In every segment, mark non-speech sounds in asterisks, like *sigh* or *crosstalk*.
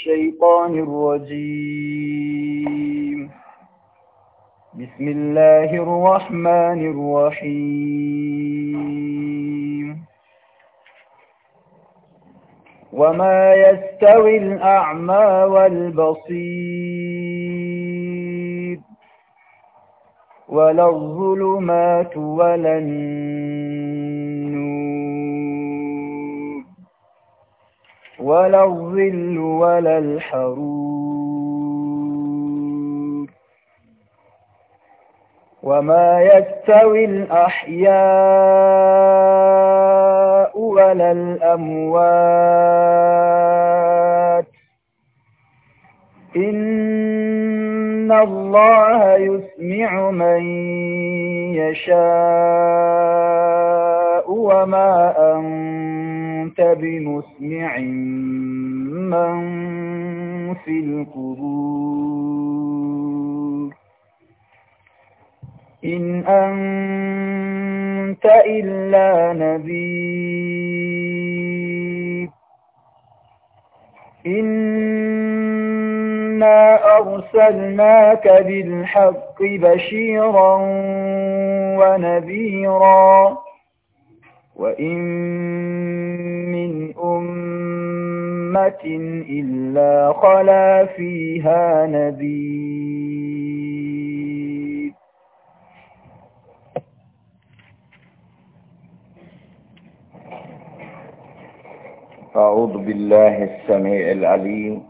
الشيطان الرجيم بسم الله الرحمن الرحيم وما يستوي الأعمى والبصير ولا الظلمات ولا النار ولا الظل ولا الحرور وما يستوي الأحياء ولا الأموات إن إِنَّ اللَّهَ يُسْمِعُ مَن يَشَاءُ وَمَا أَنتَ بِمُسْمِعٍ مَّن فِي الْقُبُورِ إِنْ أَنتَ إِلَّا نَذِيرٌ إِنَّ إنا أرسلناك بالحق بشيرا ونذيرا وإن من أمة إلا خلا فيها نذير أعوذ بالله السميع العليم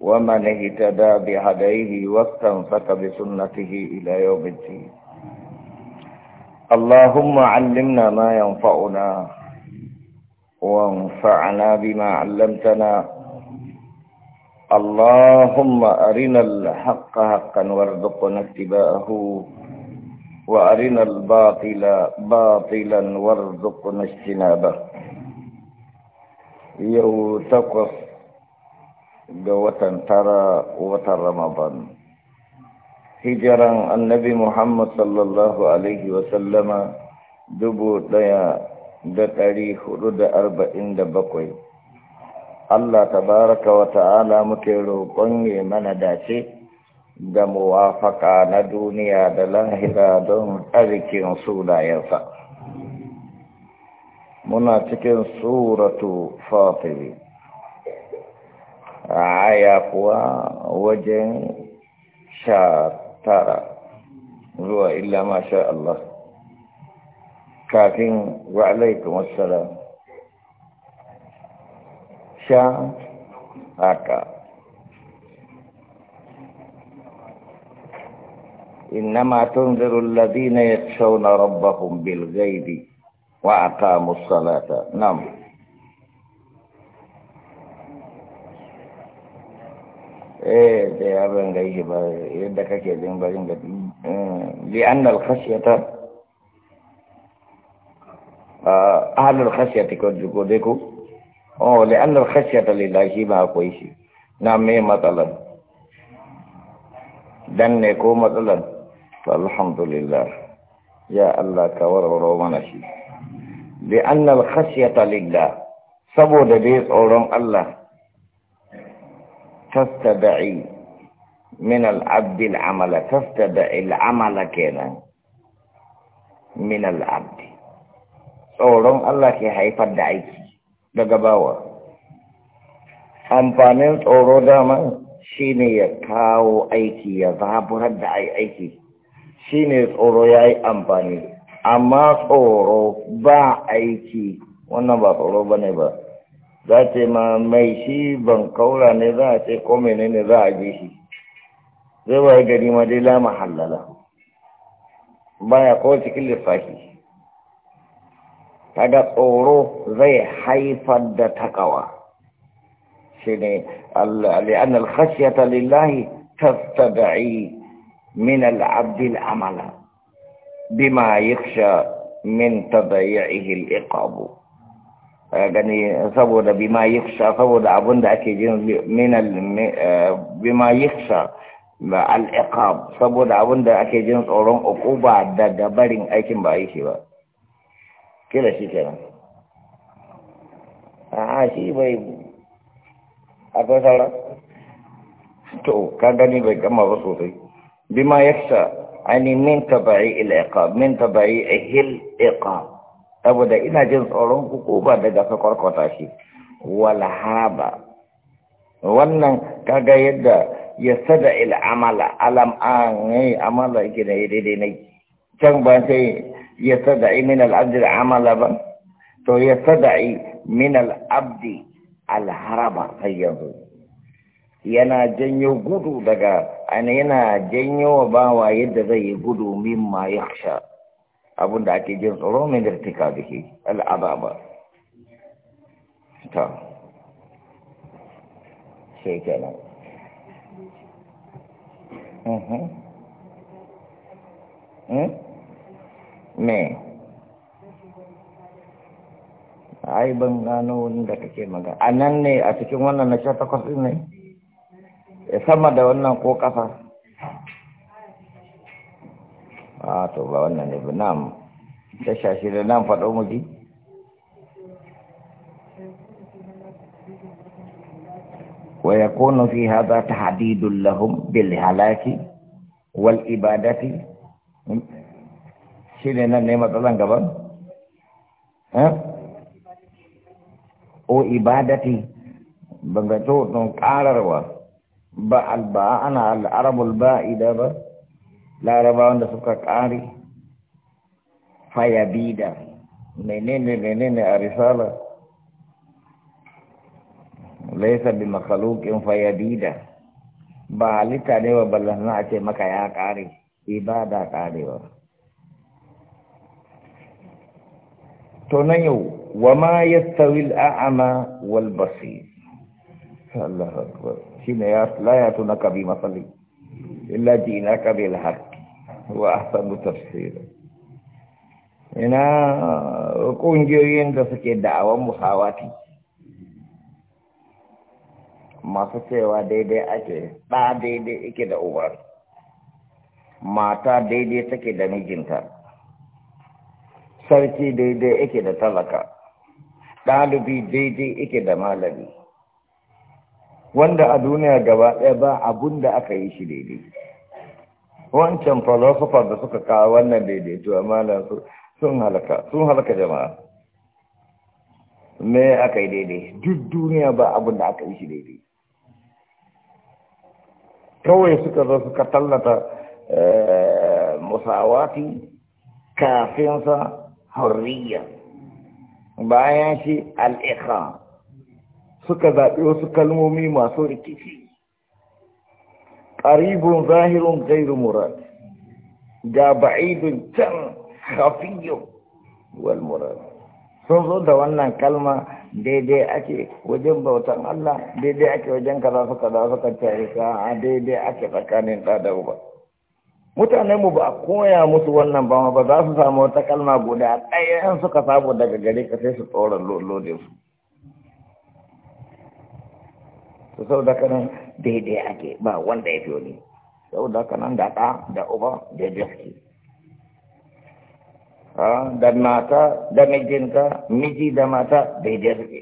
ومن اهتدى بهديه واستنفك بسنته إلى يوم الدين اللهم علمنا ما ينفعنا وانفعنا بما علمتنا اللهم أرنا الحق حقا وارزقنا اتباعه وأرنا الباطل باطلا وارزقنا اجتنابه يوتقص ga watan tara watan Ramadan. Hijiran annabi Muhammad sallallahu Alaihi wasallama dubu ɗaya da ɗari hudu da arba'in da bakwai. Allah tabaraka wa ta'ala muke roƙon ya mana dace da muwafaka na duniya da lahira don tsarkin sunayensa. Muna cikin suratu Fatiri. aya kuwa wajen sha tara zuwa illa masha Allah kafin wa alaikum assalam sha haka إنما تنذر الذين يخشون ربهم بالغيب وأقاموا الصلاة نعم eh da ya ban gaishe ba yadda kake jin barin da eh, li annal khashyata ah, ahlul khashyati ko ko dai ko oh li annal khashyata lillahi ba akwai shi na me matsalan dan ne ko matsalan alhamdulillah ya Allah ka warware mana shi li annal khashyata lillah saboda dai tsoron Allah فاستدعي من العبد العمل فاستدعي العمل كينا من العبد tsoron Allah ke haifar da aiki daga bawa amfanin tsoro dama shine ya kawo aiki ya zaburar da aiki shine tsoro ya yi amfani amma tsoro ba aiki wannan ba tsoro ba ne ba za ce ma mai shi ban kaura ne za a ce ko ne za a ji shi zai waye gari ma dai la mahallala baya ko cikin lissafi kaga tsoro zai haifar da takawa shi ne li'an al-khashyata lillahi tastad'i min al'abdil abd al-amala bima yakhsha min tadayyihi al-iqab gani saboda bima yiksa saboda abin da ake jin minal bima yiksha al'iqab saboda abin da ake jin tsoron ukuba daga barin aikin ba yake ba kila shi kenan a shi bai akwai saura to ka gani bai gama ba sosai bima yiksa ani min tabai al'iqab min tabai ahil iqab saboda ina jin tsoron ba daga ka kwarkwata shi walhaba wannan kaga yadda ya sada Amala. alam an yi amala yake da daidai na can ba sai ya sada min al'abdi amala ba to ya sada min al'abdi alharaba sai yanzu yana janyo gudu daga yana janyo bawa yadda zai yi gudu ma ya sha abun da ake jin tsoro mai da tika da ke al'ababa ta sai kenan mhm. hmm? me ai ban gano wani da kake maga a nan ne a cikin wannan na sha takwas ne eh, sama da wannan ko ƙasa a to ba wannan ne ba nam ta shashi da nan faɗo muji wa yakunu fi hadha tahdidun lahum bil halaki wal ibadati Shi ne nan ne matsalan gaban eh o ibadati Bangato ga to don kararwa ba alba ana al arabul ba'ida ba larabawan da suka ƙare fayabida menene menene a risala laisa bi makhluqin fayabida ba halitta ne wa ballana a ce maka ya ƙare ibada ƙarewa to nan yau wa ma yastawi al'ama wal basir Allah akbar shine ya la ya tunaka bi masali illa jinaka bil haqq وأحسن تفسيرا ina ƙungiyoyin da suke da'awan musawati masu cewa daidai ake da daidai ike da uba mata daidai take da mijinta sarki daidai ike da talaka ɗalibi daidai ake da malami wanda a duniya gaba ɗaya ba abun da aka yi shi daidai wancan falosofar da suka kawo wannan daidaito a malar sun halaka sun halaka jama'a me aka yi daidai duk duniya ba abin da aka yi shi daidai kawai suka zo suka tallata eh, musawati kafinsa hurriya bayan shi al'ikha suka zaɓi wasu kalmomi masu rikici qaribun zahirun ghairu murad ga ba'idun can khafiyyu wal murad sun zo da wannan kalma daidai ake wajen bautan Allah daidai ake wajen kaza suka da suka tare ka daidai ake tsakanin da da ba mutanen mu ba a koya musu wannan ba ba za su samu wata kalma guda ɗaya in suka samu daga gare ka sai su tsoron lodin su to da kanan daidai ake ba wanda ya fi wani da kanan da ɗa da uba daidai ake da mata da mijinka miji da mata daidai suke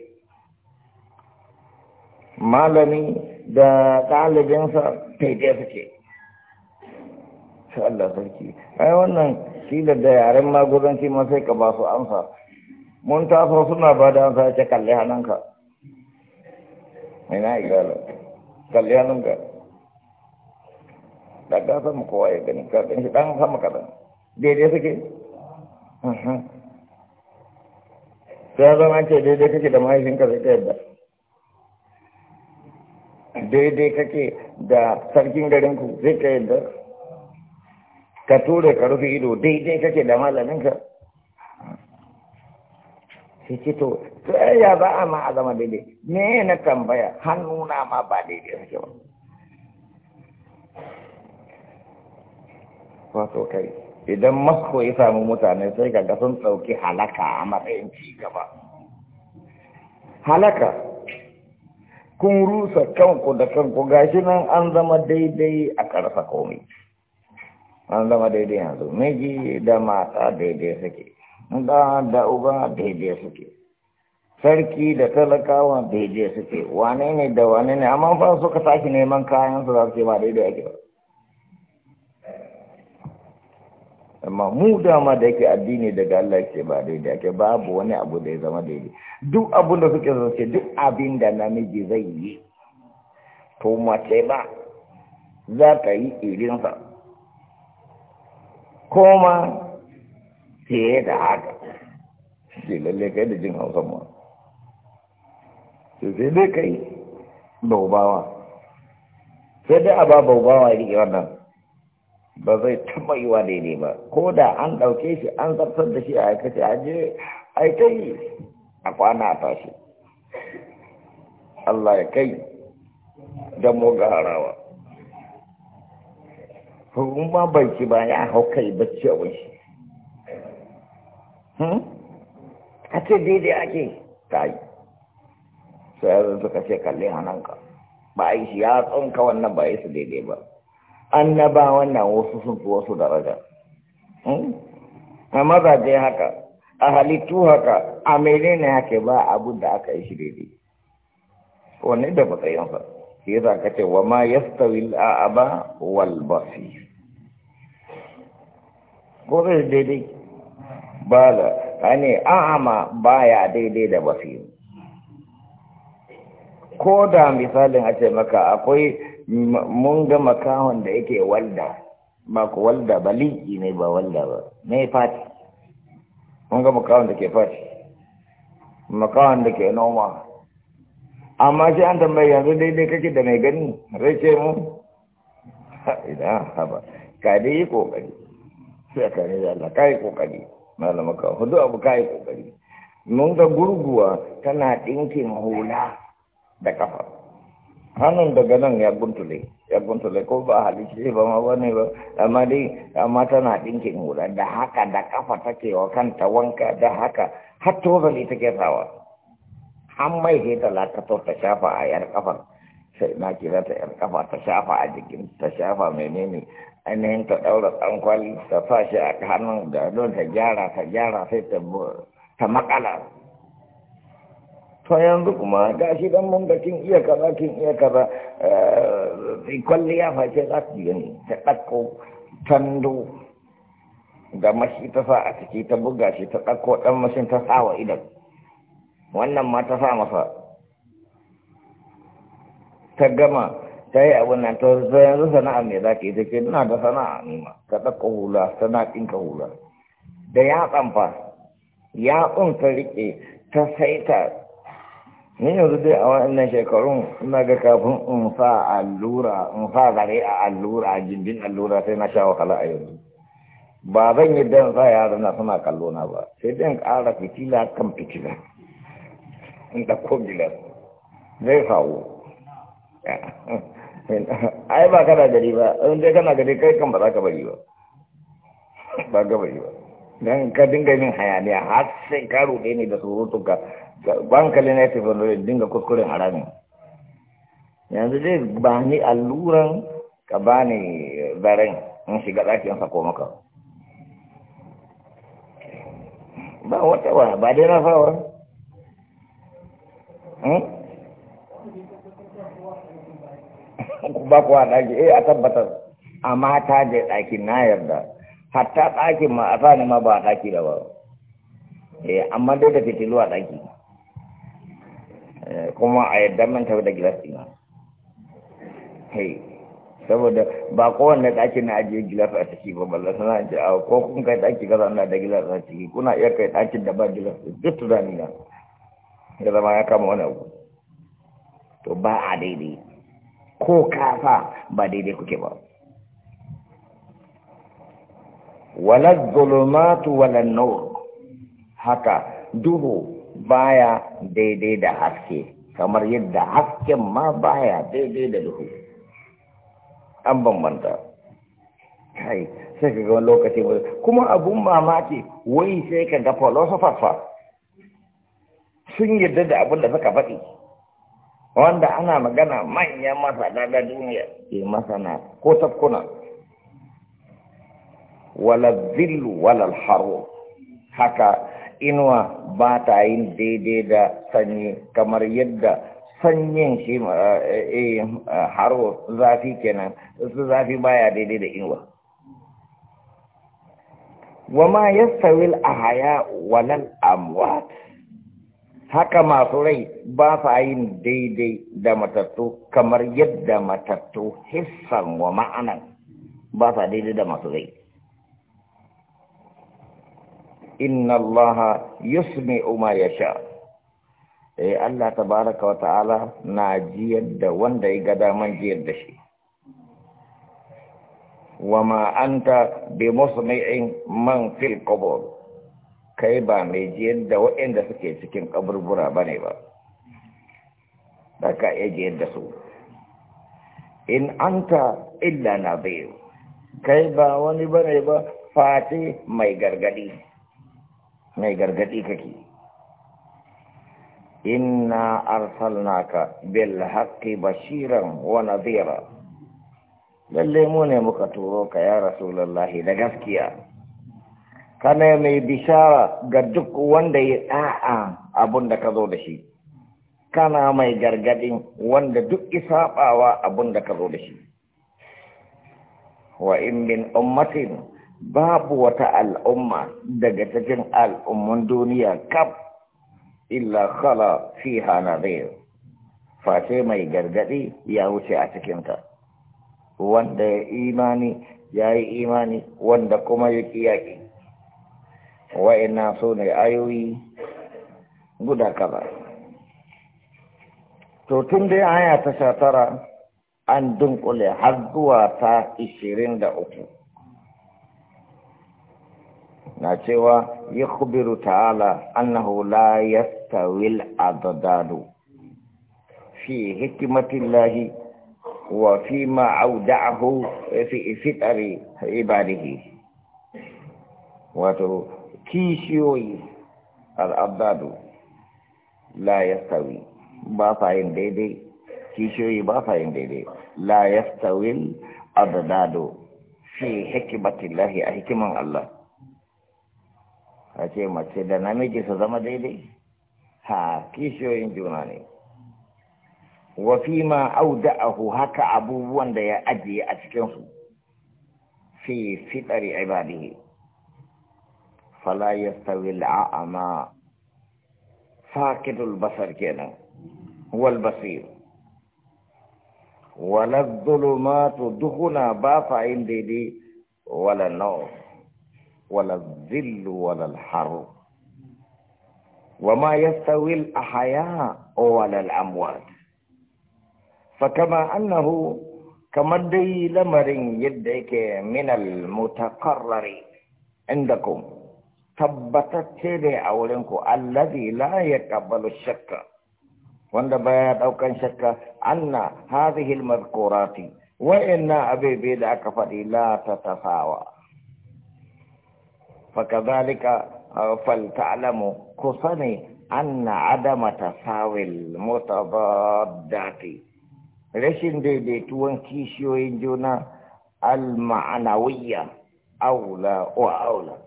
malami da ɗalibinsa daidai suke Allah sarki ai wannan shi da yaren magudanci masai sai ka ba su amsa mun taso suna ba da amsa ya ce kalli hannunka వినాయకాలు కళ్యాణంగా daga sama kowa ya gani karfin shi ɗan sama kaɗan daidai suke sai zama ce daidai kake da mahaifinka sai ka Dede ka kake da sarkin garinku sai ka yadda ka ture ka rufe ido daidai kake da malaminka sai ce to eh, ya za a ma a zama daidai me na tambaya hannuna ma ba daidai suke ba wato kai idan masko ya samu mutane sai ga sun ɗauki halaka a matsayin cigaba. halaka kun rusa kanku da kanku gashi nan an zama daidai a karfa komai an zama daidai yanzu miji da mata daidai suke da da uba daidai suke sarki da talakawa daidai suke wane ne da wane ne amma fa suka tashi neman kayan su za su ce ba daidai ake ba amma mu dama da yake addini daga Allah ke ba daidai ake babu wani abu da ya zama daidai duk abin da suke zace duk abin da namiji zai yi to mace ba za ta yi irinsa koma fiye da haka ke lalle kai da jin hausa ma sai sai dai kai baubawa sai dai a ba baubawa riƙe wannan ba zai taɓa yi wa daidai ba ko da an ɗauke shi an zartar da shi a aikace a je aikai a kwana a tashi Allah ya kai da mu ga harawa. Hukumar bai ci ba ya hau kai bacci a wani Hmm? a ce daidai ake ta yi sai yanzu suka ce kalli hannunka ba a yi shi ya tsunka wannan ba yi su daidai ba An na ba wannan wasu sun fi wasu daraja hmm? a mazaje haka a halittu haka a ne haka ba abu da aka yi shi daidai wannan da matsayinsa shi yasa ka ce wa ma stawi al'aba wal basir ko zai daidai bala ane a'ama baya daidai da basiru ko da misalin a ce maka akwai mun ga makawan da yake walda ba ku walda ba liƙi ne ba walda ba mai fati mun ga makawan da ke fati makawan da ke noma amma sai an tambayi yanzu daidai kake da mai gani zai ce mu idan haba ka dai yi kokari sai ka ne da Allah ka yi kokari ka hudu abu kayi kokari mun ga gurguwa tana ɗinkin hula da kafa hannun daga nan ya guntule ya guntule ko ba halice ba ma bane ba amma dai amma tana ɗinkin hula da haka da kafa take wa kanta wanka da haka har tozali take sawa an mai heta lakatar ta shafa a yar kafar sai na kira ta yar kafa ta shafa a jikin ta shafa menene ainihin ta daura kwali ta sa shi a hannun da don ta gyara ta gyara sai ta ta makala to yanzu kuma gashi dan mun ga kin iya kaza kin iya kaza eh kwalli ya ce za ki gani ta dakko tando ga mashi ta sa a ciki ta buga shi ta dakko dan mashin ta sa wa idan wannan ma ta sa masa ta gama ta yi abin nan ta yanzu sana'a ne za ka yi ta ce nuna da sana'a ne ma ka ɗaka hula sana'a ɗinka hula da ya fa ya ta riƙe ta saita ni yanzu dai a wannan shekarun na ga kafin in sa allura in sa zare a allura a jimbin allura sai na sha wahala a yanzu ba zan yi dan sa yaran na suna kallo na ba sai dai in ƙara fitila kan fitila in da ko gilas zai faru *laughs* ai ba kana gari ba in dai kana gari kai kan ba za ka bari ba ba ka bari ba dan ka dinga yin hayaniya har sai ka ruɗe ne da surutu ga bankali na tafi wani dinga kuskuren haramin yanzu dai ba ni alluran ka ba ni zaren in shiga ɗakin sako maka ba wata ba ba dai na fawar hmm? ba kuwa ɗaki eh a tabbatar amma ta je ɗaki na yarda hatta ɗakin ma a sa ma ba a ɗaki da ba eh amma dai da fitilu a ɗaki eh, kuma a yadda man tafi da gilas ɗina hey saboda ba kowanne ɗaki na ajiye gilas a ciki ba balla sana ce a ko kun kai ɗaki kaza na da gilas a ciki kuna iya kai ɗakin da ba gilas duk tunani na ya zama ya kama wani abu to ba a daidai ko kafa ba daidai kuke ba walar zulumatu walar nur haka duhu baya daidai da haske kamar yadda hasken ma baya daidai da duhu an bambanta kai sai ka ga wani lokaci kuma abun mamaki wai sai ka ga philosophers sun yarda da abin da suka faɗi wanda ana magana manyan masana na duniya ke masana ko tafkuna wala zillu wala haro haka inuwa ba ta yin daidai da sanyi kamar yadda sanyin shi eh, eh, eh, haro zafi kenan su zafi baya daidai da inuwa wama a ahaya walal amwat haka masu rai ba sa yin daidai da matattu kamar yadda matattu hissan wa ma'anan ba sa daidai da masu rai inna allaha umar ya sha eh Allah tabaraka wa ta'ala na jiyar da wanda ya ga man jiyar da shi wa ma'anta bai bi musmi'in man fil qubur kai ba mai jiyar da waɗanda suke cikin kaburbura ba ne ba ba ka iya jiyar da su in an ta illa na biyu kai ba wani ba ne ba fati mai gargadi mai gargadi kake inna arsalnaka bil haqqi bashiran wa nadhira lalle mu ne muka turo ka ya rasulullahi da gaskiya kana mai bishara ga duk wanda ya ɗa'a abun da ka zo da shi kana mai gargadin wanda duk isaɓawa abun da ka zo da shi wa in min ummatin babu wata al'umma daga cikin al'umman duniya kaf illa khala fiha nadir face mai gargadi ya wuce a cikin cikinta wanda ya imani ya yi imani wanda kuma ya kiyaki wa'ina su ne ayoyi guda kaza to tun dai haya ta sha tara an dunkule har zuwa ta ishirin da uku na cewa ya kubiru ta'ala annahu la yastawil adadadu fi hikimatillahi wa fi ma'auda'ahu fi fitari ibadihi wato kishiyoyi al'abdadu la yastawi ba sa yin daidai kishiyoyi ba sa yin daidai la yastawi abdadu fi lahi a hikiman Allah a ce mace da namiji su zama daidai ha kishiyoyin juna ne wa fi ma da'ahu haka abubuwan da ya ajiye a cikinsu fi fitari ibadihi فلا يستوي الأعمى فاقد البصر كنا هو البصير ولا الظلمات دخنا باطا عندي دي ولا النور ولا الظل ولا الحر وما يستوي الأحياء ولا الأموات فكما أنه كما دي لمر يدعك من المتقرر عندكم tabbatacce da a wurin ku allazi la yaqbalu shakka wanda baya daukan shakka anna hadhihi almadhkurati wa inna abibi da aka fadi la tatafawa fakadhalika ta'lamu kusani anna adama tasawil mutadaddati rashin daidaituwan kishiyoyin juna al-ma'anawiyya aula wa aula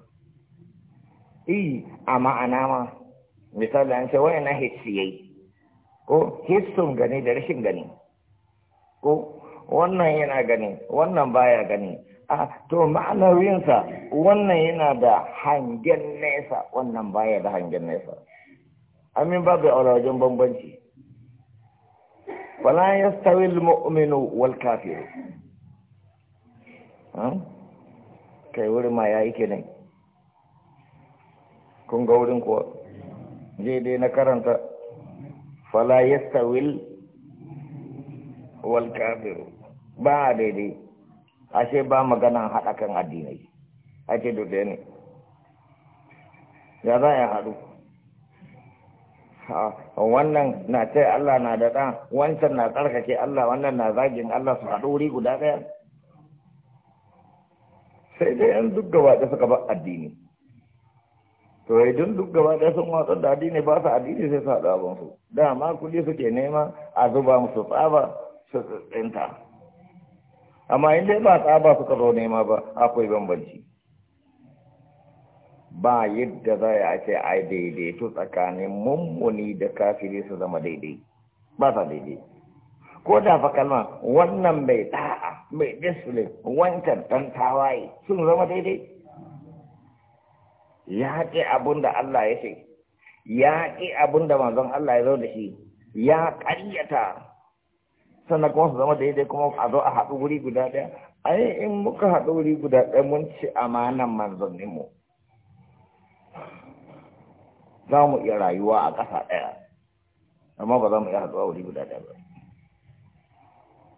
Iyi e, a ma'ana ma misali an ce wani na hissiyai ko sun gani da rashin gani ko wannan yana gani wannan baya gani a to ma'anar yinsa wannan yana da hangen nesa wannan baya da hangen nesa amin babu a wajen bambanci wala ya al-mu'minu wal kafiru hmm? kai wuri ma ya yi kenan kun ga wurin kuwa dai na karanta fala yastawil wal kafir ba daidai ashe ba maganan haɗa kan addinai ake dole ne ya za a haɗu wannan na ce Allah na da ɗan wancan na tsarkake Allah wannan na zagin Allah su haɗu wuri guda ɗaya sai dai yan duk gaba da suka ba addini to idan duk gaba ɗaya sun watsar da addini ba su addini sai su haɗu su dama kuɗi suke nema a zuba musu tsaba su tsinta amma in dai ba tsaba suka zo nema ba akwai bambanci ba yadda za a ce ai daidaito tsakanin mummuni da kafiri su zama daidai ba sa daidai ko da fa kalma wannan mai ɗa'a, mai disulin wancan ɗan tawaye sun zama daidai ya ƙi abin da Allah ya ce ya ƙi abin da manzon Allah ya zo da shi ya ƙaryata sannan kuma su zama daidai kuma a zo a haɗu wuri guda ɗaya ai in muka haɗu wuri guda ɗaya mun ci amanan mu. za mu iya rayuwa a ƙasa ɗaya amma ba za mu iya haɗuwa wuri guda ɗaya ba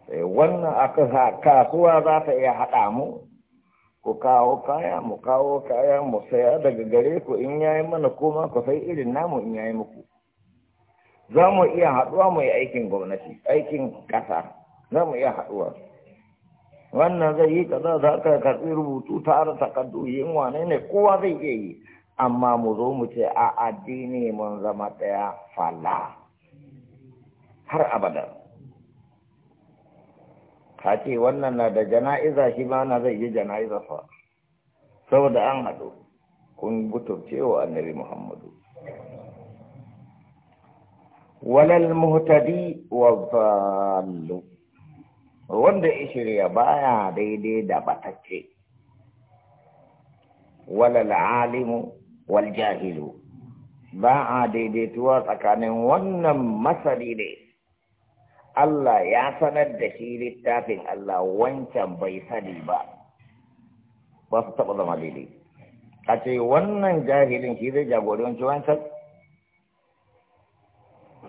sai eh, wannan a kasuwa za ta iya haɗa mu ku kawo kaya mu kawo kaya mu saya daga gare ku in yayi mana koma ku sai irin namu in yayi muku za mu iya haɗuwa mu yi aikin gwamnati aikin ƙasa za mu iya haɗuwa wannan zai yi kaza za ka karɓi rubutu tare takardu yin wane ne kowa zai iya yi amma mu zo mu ce a addini mun zama ɗaya fala har abada ka ce wannan na da jana'iza shi ma na zai yi jana'iza fa saboda an haɗu kun gutubce wa annabi muhammadu walal muhtadi wa zallu wanda ya shirya baya daidai da batacce walal alimu wal jahilu ba a daidaituwa tsakanin wannan masari ne Allah ya sanar da shi littafin Allah wancan bai sani ba ba su taɓa zama daidai a ce wannan jahilin shi zai jagori wancan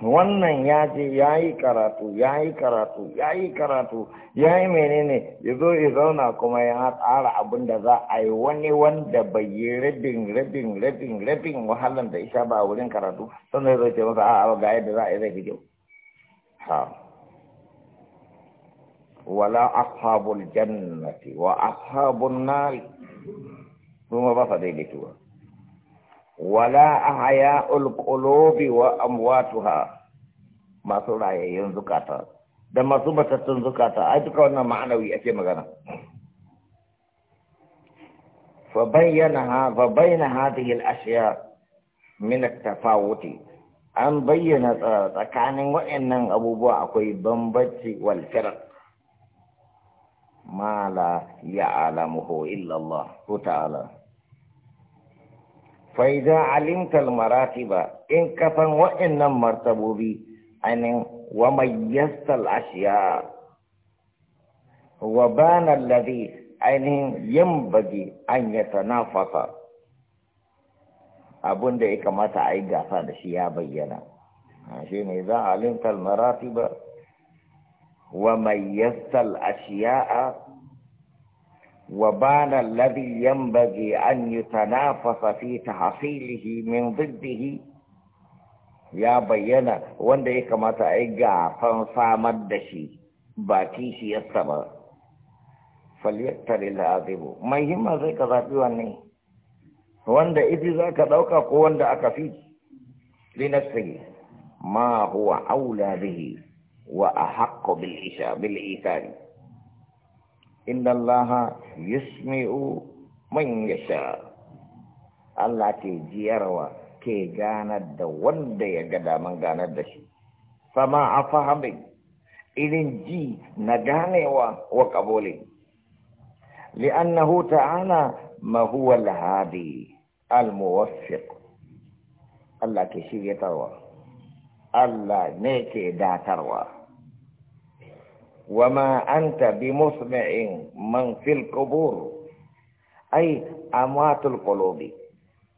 wannan ya ce ya yi karatu ya yi karatu ya yi karatu ya yi menene ya zo ya zauna kuma ya tsara abin da za a yi wani wanda bai yi rabin rabin rabin rabin wahalar da isha ba wurin karatu sannan ya zo ce masa a'a ga yadda za a yi zai fi kyau wala ashabul jannati wa ashabun nari kuma ba sa daidaituwa wala ahaya'ul qulubi wa amwatuha masu rayayyun zukata da masu batattun zukata ai duka wannan ma'anawi ake magana fa bayyana fa uh, bayna hadhihi al-ashya min at-tafawuti an bayyana tsakanin waɗannan abubuwa akwai bambanci wal firq mala ya ya'lamuhu illallah Allah ta'ala fa idza 'alimta al-maratiba in kafan wa inna martabubi ainin wa mayyasta al-ashya wa bana alladhi ainin yambagi an da ya kamata gasa da shi ya bayyana shi ne za a maratiba وميزت الأشياء وبان الذي ينبغي أن يتنافس في تحصيله من ضده يا بينا وانديك ما تأيقا فانصامد دشي باكيش يستمع فليكتر العظيم ما يهم زي كذابي واني وانده إذي ذاك دوكا قوانده أكفي لنفسه ما هو أولى به وأحق بالإيثار إن الله يسمع من يشاء الله تجيروا كي غاند وند يغدا من غاند دشي فما أفهمي إذن جي نغاني وقبولي لأنه تعالى ما هو الهادي الموفق الله شيء يتروى الله نيكي داتروى wama anta bimusmi'in man fil qubur ay amwatul qulubi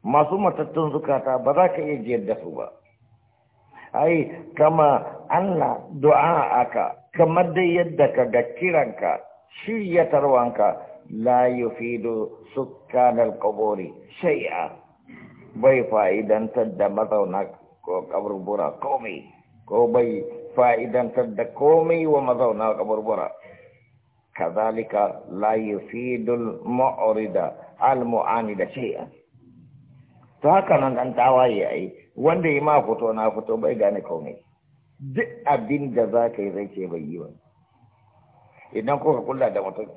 masuma tattun zukata ba za ka iya jiyar da su ba ai kama Allah du'a aka kamar dai yadda ka ga kiranka shiryatarwanka la yufidu sukkanal qaburi shay'a bai fa'idantar da mazauna ko kaburbura komai ko bai fa'idantar da komai wa mazauna kaburbura kazalika la yufidul mu'rida al da shay'an to haka nan dan tawaye yi. wanda yi ma fito na fito bai gane komai duk abin da za ka yi zai ce bai yi wa. idan kuka kula da mutum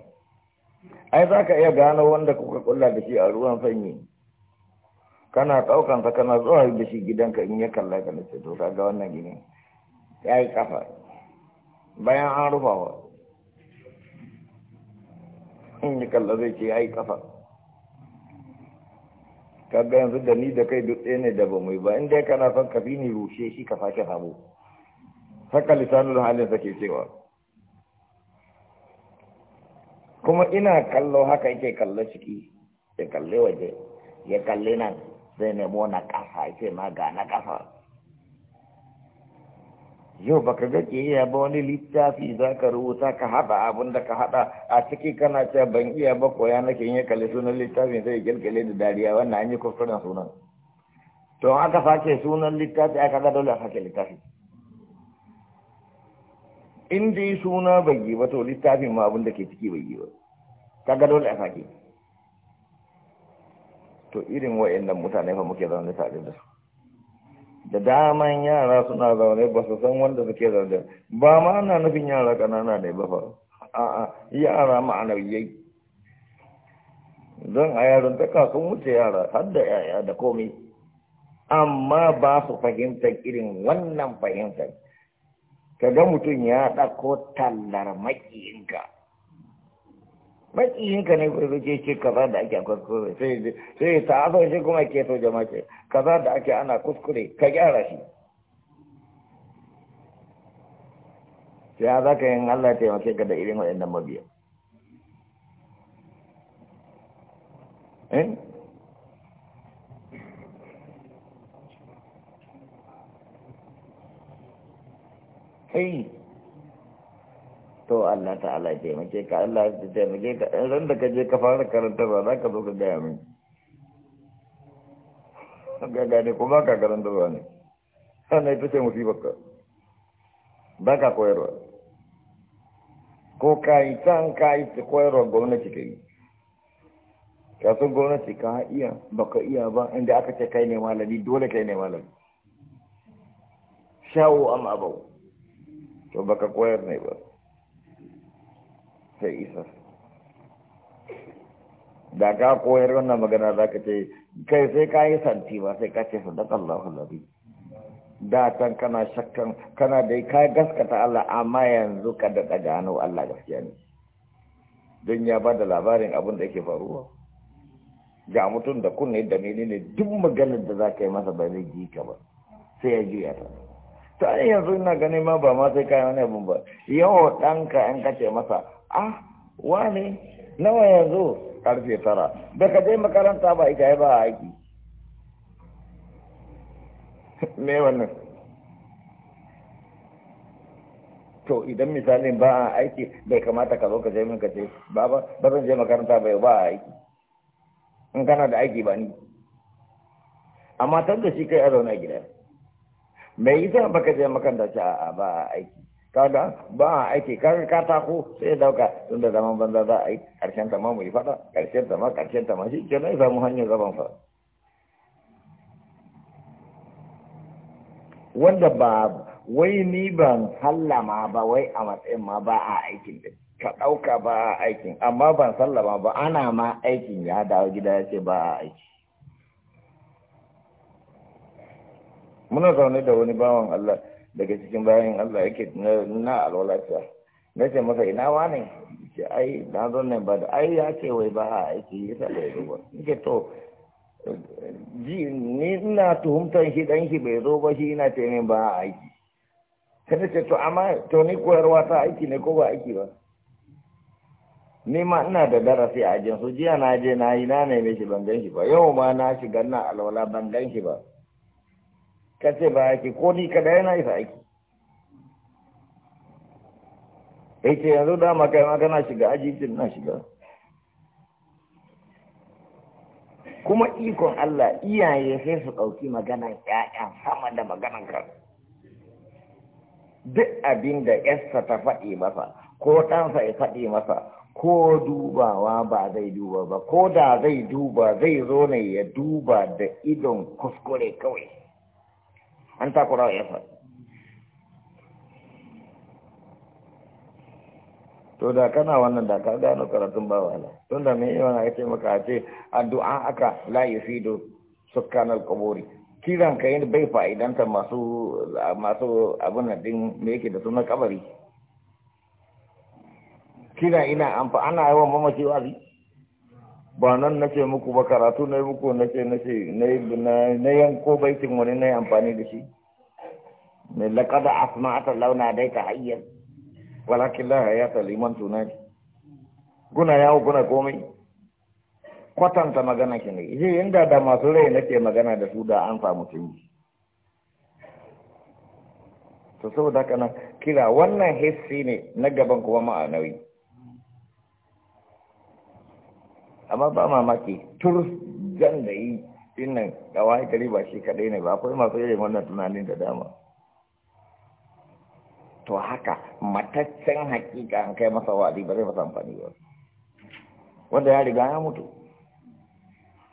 ai za ka iya gano wanda kuka kulla da shi a ruwan sanyi kana ɗaukansa kana zuwa da shi gidanka in ya kalla ka na to kaga wannan gini ya kafa bayan an rufawa in yi kalla zai ce ya yi kafa kaga yanzu da ni da kai dutse ne da ba mai ba inda ya kana son kafi ne rushe shi ka sake sabo haka lisanul halin ke cewa kuma ina kallo haka yake kallo ciki ya kalle waje ya kalle nan zai nemo na kafa ya ma ga na kafa yau baka ga iya ba wani littafi za ka rubuta ka haɗa abin da ka haɗa a ciki kana cewa ban iya ba koya nake in ya kalli sunan littafin sai kirkire da dariya wannan an yi kuskuren sunan to aka sace sunan littafi aka ga dole a sace littafi in dai suna bai yi ba to littafin ma abin da ke ciki bai yi ba ka ga dole a sake to irin wa'annan mutane fa muke zaune tare da su da daman yara suna zaune ba su san wanda suke zaune ba ma ana nufin yara kanana ne ba fa a'a yara ma'anawiyai don a yaron ta sun wuce yara har da yaya da komai amma ba su fahimtar irin wannan fahimtar ga mutum ya ɗako tallar maƙiyinka maciyin ka ne kwaikwayo ce ce kaza da ake kuskure sai ta hasan shi kuma ke to jama'a ce kaza da ake ana kuskure ka gyara shi ya za ka yin Allah taimake ka da irin waɗannan mabiya hey eh? to Allah ta'ala ya taimake ka Allah ya muke ka ran da ka je ka fara karanta ba za ka zo ka gaya min ga gane kuma ka karanta ba ne sannan ita ce musibar ka ba ka koyarwa ko ka yi can ka yi koyarwa gwamnati ka yi kasan gwamnati ka iya ba ka iya ba inda aka ce kai ne malami dole kai ne malami shawo amma abau to baka koyar ne ba sai isa da ka koyar wannan magana za ka ce kai sai ka yi santi ba sai ka ce da Allahu labi da can kana shakkan kana dai ka gaskata Allah amma yanzu ka da hannu Allah gaskiya ne don ya ba da labarin abin da yake faruwa ga mutum da kunne da ne duk maganar da za ka yi masa ba zai ji ka ba sai ya juya ta ta yanzu ina gani ma ba ma sai kayan wani abin ba yawan ɗanka an kace masa ah wane nawa yanzu karfe tara da ka je makaranta ba ita ba a aiki *laughs* me wannan to idan misalin ba a aiki bai kamata ka zo ka je min ka ce ba ba zan je makaranta bai ba a aiki in kana da aiki ba ni amma tabda shi kai a zauna gida mai yasa baka je makaranta ce a ba a aiki kaga ba a aiki kaga katako sai dauka tun da zaman banza za a yi karshen ta ma mu yi fada karshen ta ma karshen ta ma shi ke nan samu hanyar zaban fa wanda ba wai ni ban sallama ba wai a matsayin ma ba a aikin din ka dauka ba a aikin amma ban sallama ba ana ma aikin ya dawo gida ya ce ba a aiki muna zaune da wani bawan Allah daga cikin bayan Allah yake na alwalafiya na ce masa ina wa ne ce ai na zo ne ba da ai ya ce wai ba a aiki ya sa bai zo ba nake to ji ni ina tuhumtar shi dan shi bai zo ba shi ina ce ne ba a aiki kada ce to amma to ni koyarwa ta aiki ne ko ba aiki ba ni ma ina da darasi a jinsu. jiya na je na yi na mai shi ban gan shi ba yau ma na shiga na alwala ban gan shi ba ka ce ba aiki ko ni kada yana isa aiki ya ce yanzu dama kai magana shiga aji na shiga kuma ikon Allah iyaye sai su ɗauki maganan ƴaƴa sama da maganan ka duk abin da ƴarsa ta faɗi masa ko ɗansa ya faɗi masa ko dubawa ba zai duba ba ko da zai duba zai zo ne ya duba da idon kuskure kawai an takura wa yasa to da kana wannan da ka gano karatun ba wala tun da mai yawan ake maka a ce addu'a aka la yufidu sukkanal quburi kiran kai yin bai fa'idanta masu masu abin nan din me da sunan kabari kira ina amfa ana yawan mamaci wazi ba nan nake muku ba karatu na muku na ce na yanko baitin wani na amfani da shi mai laƙada asma'atar launa dai ka hayyar walakin la ya ta liman tunani guna yawo guna komai kwatanta magana ki ne zai inda da masu rai nake magana da su da an samu yi to saboda kana nan kira wannan hissi ne na gaban kuma ma'anawi amma ba mamaki tur jan da yi din nan da gari ba shi kadai ne ba akwai masu irin wannan tunanin da dama to haka mataccen hakika an kai masa wa'azi ba zai masa amfani ba wanda ya riga ya mutu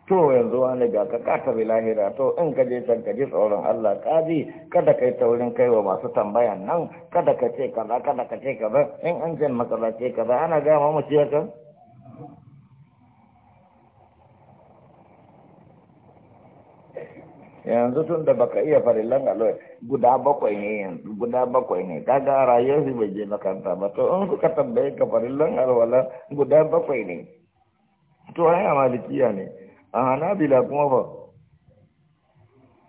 to yanzu wani ga ka kata bi lahira to in ka je can ka ji tsoron Allah kaji kada kai taurin kai wa masu tambaya nan kada ka ce kaza kada ka ce kaza in an ce matsala ce kaza ana gaya mu ciyar kan yanzu tun da baka iya farillan alo guda bakwai ne yanzu guda bakwai ne kaga rayuwar su bai je makanta ba to in suka tambaye ka farillan alwala guda bakwai ne to ai a malikiya ne a hanabila kuma fa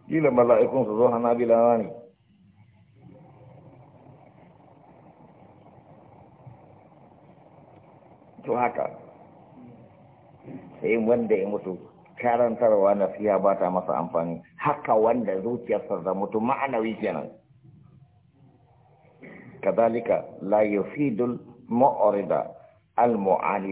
kila mala'ikun su zo hanabila ne to haka sai wanda ya mutu karantarwa nasiha ba ta masa amfani haka wanda zuciyarsa da mutum ma'anawi kenan kadalika la yufidul mu'rida al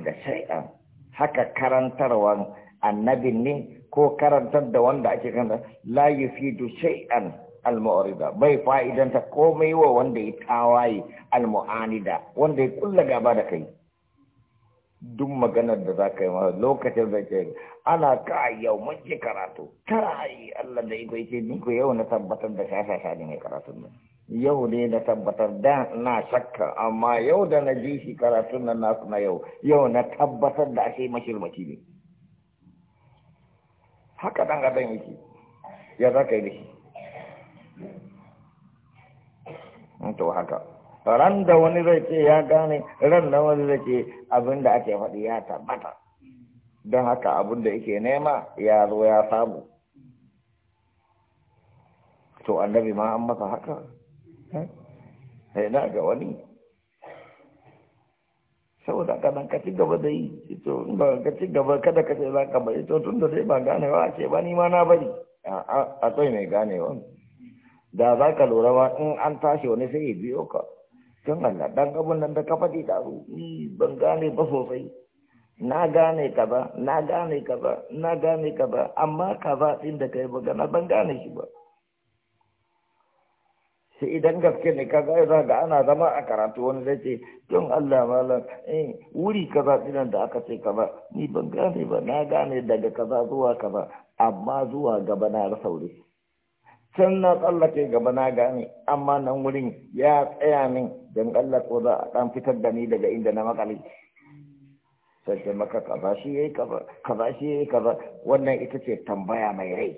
da shay'an haka karantarwa annabin ne ko karantar da wanda ake kanta la yufidu shay'an al mu'rida bai fa'idanta komai wa wanda ya tawaye al mu'anida wanda ya kulla gaba da kai duk maganar da za ka yi mara lokacin da ke ana ka yau mun ji karatu kai Allah da iko yake ni ko yau na tabbatar da shasha ne mai karatun ne. yau ne na tabbatar da na shakka amma yau da na ji shi karatun nan na na yau yau na tabbatar da ashe mashirmaci ne haka dan gaban yake ya za ka yi da shi hmm, to haka ran da wani zai ce ya gane ran da wani zai ce abin da ake faɗi ya tabbata don haka abin da yake nema ya zo ya samu to annabi ma an masa haka sai eh, na ga wani saboda ka nan ka ci gaba da yi ito ba ka ci gaba kada ka ce za ka bari to tun da zai ba gane wa ce ba ni ma na bari akwai mai gane ganewa da za ka lura ba in an tashi wani sai ya biyo ka don Allah dan abun nan da ka faɗi da ruɗi ban gane ba sosai na gane ka ba na gane ka ba na gane ka ba amma ka ba ɗin da kai magana ban gane shi ba sai idan gaske ne ka ga za ga ana zama a karatu wani zai ce don Allah malam eh wuri ba ɗinan da aka ce kaza ni ban gane ba na gane daga kaza zuwa kaza amma zuwa gaba na rasa wuri can na tsallake gaba na gane amma nan wurin ya tsaya min don Allah ko a ɗan fitar da ni daga inda na makale sai maka kaza shi yayi kaza kaza shi yayi kaza wannan ita ce tambaya mai rai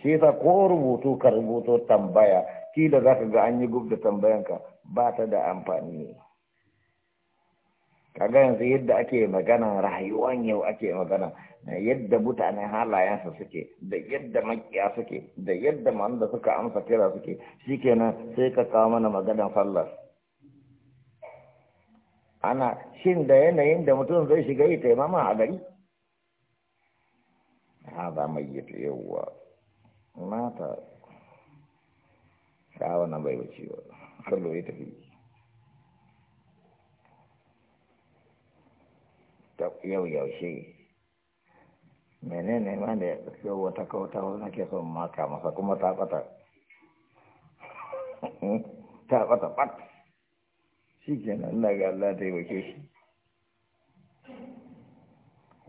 shi yasa ko rubutu ka rubuto tambaya kila za ka ga an yi gub da tambayanka ba ta da amfani ne kaga yanzu yadda ake magana rayuwan yau ake magana yadda mutane halayensa suke da yadda makiya suke da yadda da suka amsa kira suke shikenan sai ka kawo mana maganan sallar ana shin da yanayin da mutum zai shiga yi taimama a gari za mai yi yawwa mata sawa na bai wuce ba kallo ya tafi ta yau yaushe menene ma da yau wata kauta wani ke son maka masa kuma ta bata hmm? ta bata bat shi kenan na ga Allah ta yi wake shi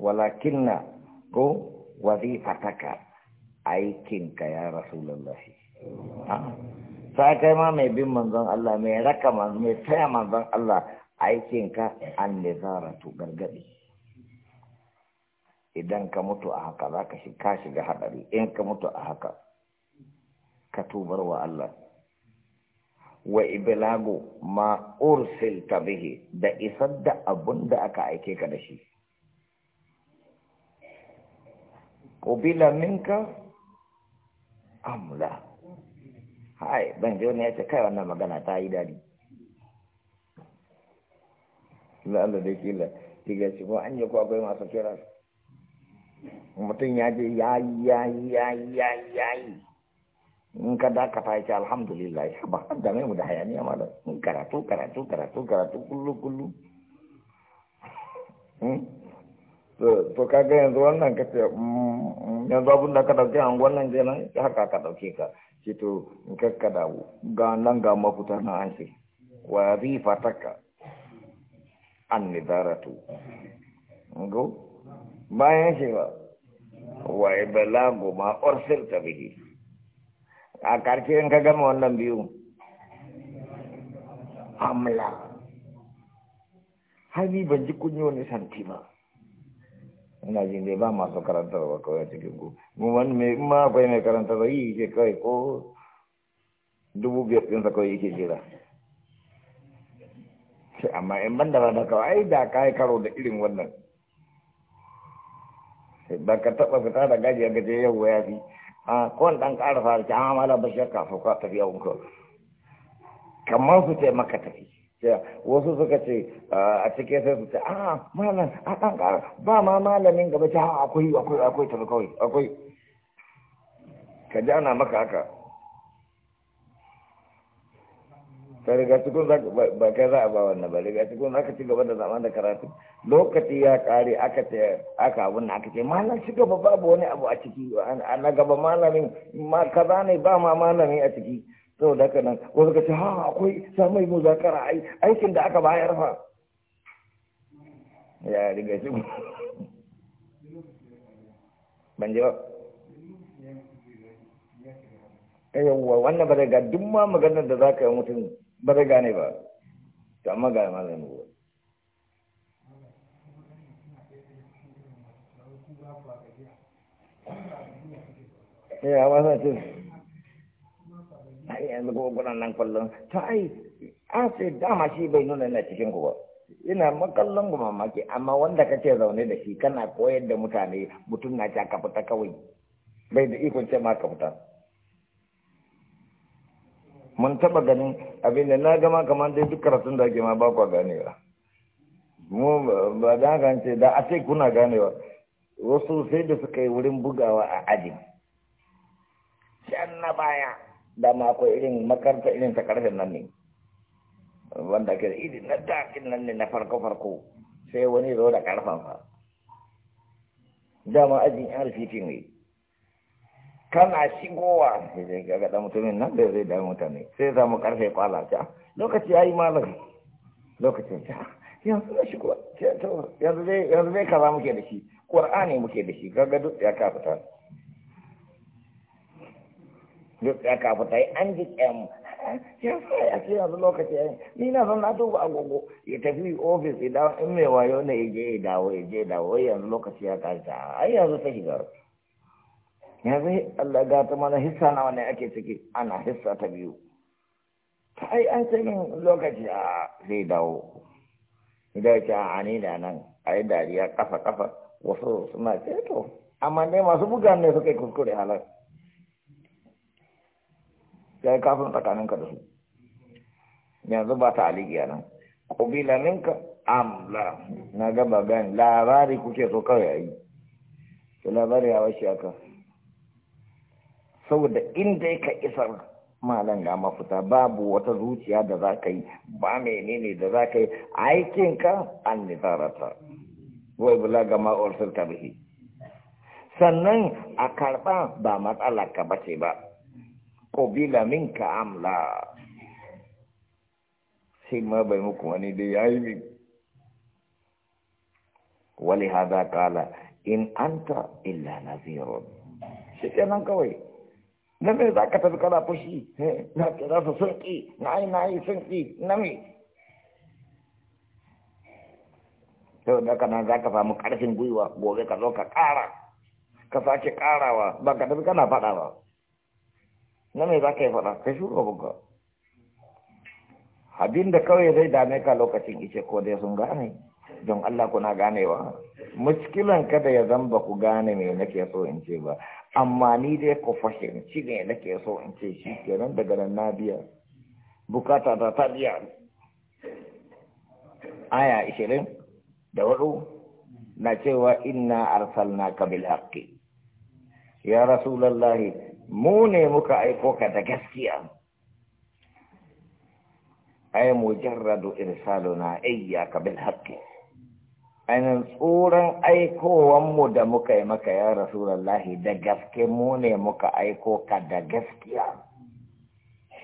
walakin na ko wazifataka aikinka ya rasulallahi sai kai ma mai bin manzon Allah mai raka mai taya manzon Allah aikinka an nizaratu gargadi idan ka mutu a haka za ka shiga shiga haɗari in ka mutu a haka ka tubar wa Allah wa ibilago ma ursil ta bihe da isar da abun da aka aike ka da shi ƙobila minka amla hai ban ji wani ya ce kai wannan magana ta yi dadi la'alla da kila diga ko an yi kwakwai masu kira mutum ya je ya yi ya yi ya yi ya yi ya yi in ka da ka fahimci alhamdulillah ya ba da mai mu da hayaniya ma da in karatu karatu karatu karatu kullu kullu hmm? to ka ga yanzu wannan ka ce mm, mm, yanzu abin da ka dauke an wannan ya haka ka dauke ka ce to in ka ka dawo ga nan ga mafuta na an ce wa rifataka an nidaratu go bayan shi ba wa ibalagu ma ursilta bihi a karshe in ka gama wannan biyu amla hani ban ji kunyo ne santi ba ina jin dai ba masu karantarwa kawai cikin ku mu wani mai ma akwai mai ba yi ke kawai ko dubu biyar ɗin ɗinsa kawai yake jira amma in ban da ba da kawai da kai karo da irin wannan ba ka taɓa fita da gaji a gaje yau ya fi a kowane ɗan ƙara fara ce amma ah, mala ba shakka fa k'a tafi yawon kawai kamar su ce maka tafi wasu suka ce a cikin sai su ce a ah, malam a ɗan ƙara ba ma malamin gaba ce ah, akwai akwai akwai tafi kawai akwai ka ji ana maka haka ka cikin za ba kai za a ba wannan ba daga cikin za ka ci gaba da zaman da karatu lokaci ya kare aka ce aka abun aka ce malam ci gaba babu wani abu a ciki na gaba malamin ma kaza ne ba ma malamin a ciki saboda da kana ko ka ce ha akwai samai mu zakara ai aikin da aka bayar fa ya daga cikin *laughs* ban jiwa ba wannan ba daga dukkan maganar da zaka yi mutum ba zai gane ba to amma ga malamin mu eh amma sai ce ai ko kuna nan kallon to a ce dama shi bai nuna na cikin ku ba ina makallon ku mamaki amma wanda kace zaune da shi kana koyar da mutane mutum na ja ka fita kawai bai da iko ce ma ka fita mun taba ganin abin da na gama kamar dai duk karatun da ake ma ba kwa ganewa mu ba da gance da a ce kuna ganewa wasu sai da suka yi wurin bugawa a ajin can na baya da ma akwai irin makarta irin ta karfin nan ne wanda ke da idin na dakin nan ne na farko farko sai wani zo da karfansa dama ajin yan rikici ne kana shigowa sai ga ga mutumin nan da zai da mutane sai za mu karfe kwala ta lokaci yayi malam lokacin ta yanzu na shigo yanzu dai yanzu dai kaza muke da shi qur'ani muke da shi gaga duk ya ka fita duk ya ka fita an ji kyam ya sa ya ce yanzu lokaci yayi ni na zan na duba agogo ya tafi office ya dawo in mai wayo ne ya je ya dawo ya je ya dawo yanzu lokaci ya ka ta ai yanzu ta shiga yanzu Allah ga ta mana hissa nawa ne ake ciki ana hissa ta biyu ta ai an sai lokaci a zai dawo idan ya ce a ni da nan a yi dariya kafa kafa wasu suna ce to amma ne masu buga ne suka yi kuskure halar ya yi kafin tsakaninka da su yanzu ba ta aligiya nan ƙubila ninka amla na gaba gan labari kuke so kawai a yi labari a wasu aka saboda inda ka isar malam ga mafita babu wata zuciya da za ka yi ba menene da za ka yi aikinka an nizarata wai bula ga ma'ursul bihi sannan a karɓa ba matsala ka bace ba ƙobila minka amla sai ma bai muku wani dai ya yi min wali hada kala in anta illa nazirun shi kenan kawai na me za ka tafi kana fushi eh, na kira su sunki na yi na yi sunki na me sau da kana za ka samu karfin gwiwa gobe ka zo ka kara ka sake karawa ba ka tafi kana faɗa ba na me za ka yi faɗa ka shuru buga. abin da kawai zai dame ka lokacin ice ko dai sun gane don Allah kuna ganewa muskilan kada ya zamba ku gane me nake so in ce ba amma ni dai ku fahimci ne nake so in ce shi kenan daga nan na biya bukata ta ta biya aya ishirin da wadu na cewa inna arsalna ka bil haqqi ya rasulullahi mu ne muka aiko ka da gaskiya ay mujarradu irsaluna iyyaka bil haqqi ainihin tsoron aikowanmu da muka yi maka ya rasulallah da gaske mu ne muka aiko ka da gaskiya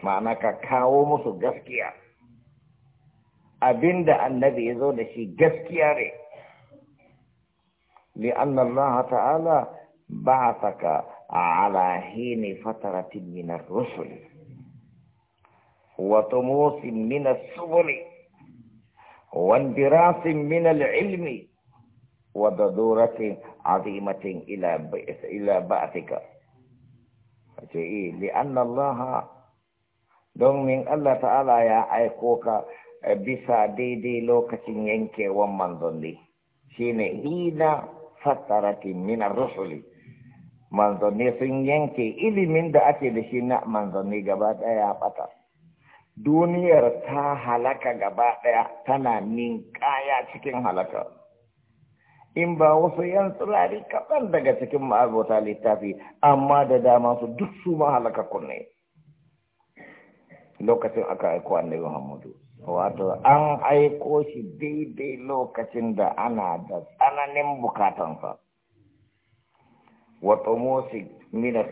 ma'ana ka kawo musu gaskiya abinda annabi ya zo da shi gaskiya ne li'an Allah ta'ala ba saka alahi ne fataratin minar rusuli Wato tumusin minar subuli Wan من العلم وضرورة عظيمة إلى إلى بعثك لأن الله don min Allah ta'ala ya aiko ka bisa daidai lokacin yankewan manzanni shine hina fatarati min ar-rusuli manzanni sun yanke ilimin da ake da shi na manzanni gaba daya ya bata duniyar ta halaka gaba ɗaya tana ninkaya cikin halaka in ba wasu yan tsirari kaɗan daga cikin ma'azota littafi amma da dama su duk su ma kunne lokacin aka aiko annabi muhammadu wato an aiko shi daidai lokacin da ana da tsananin bukatansa wato mosi mina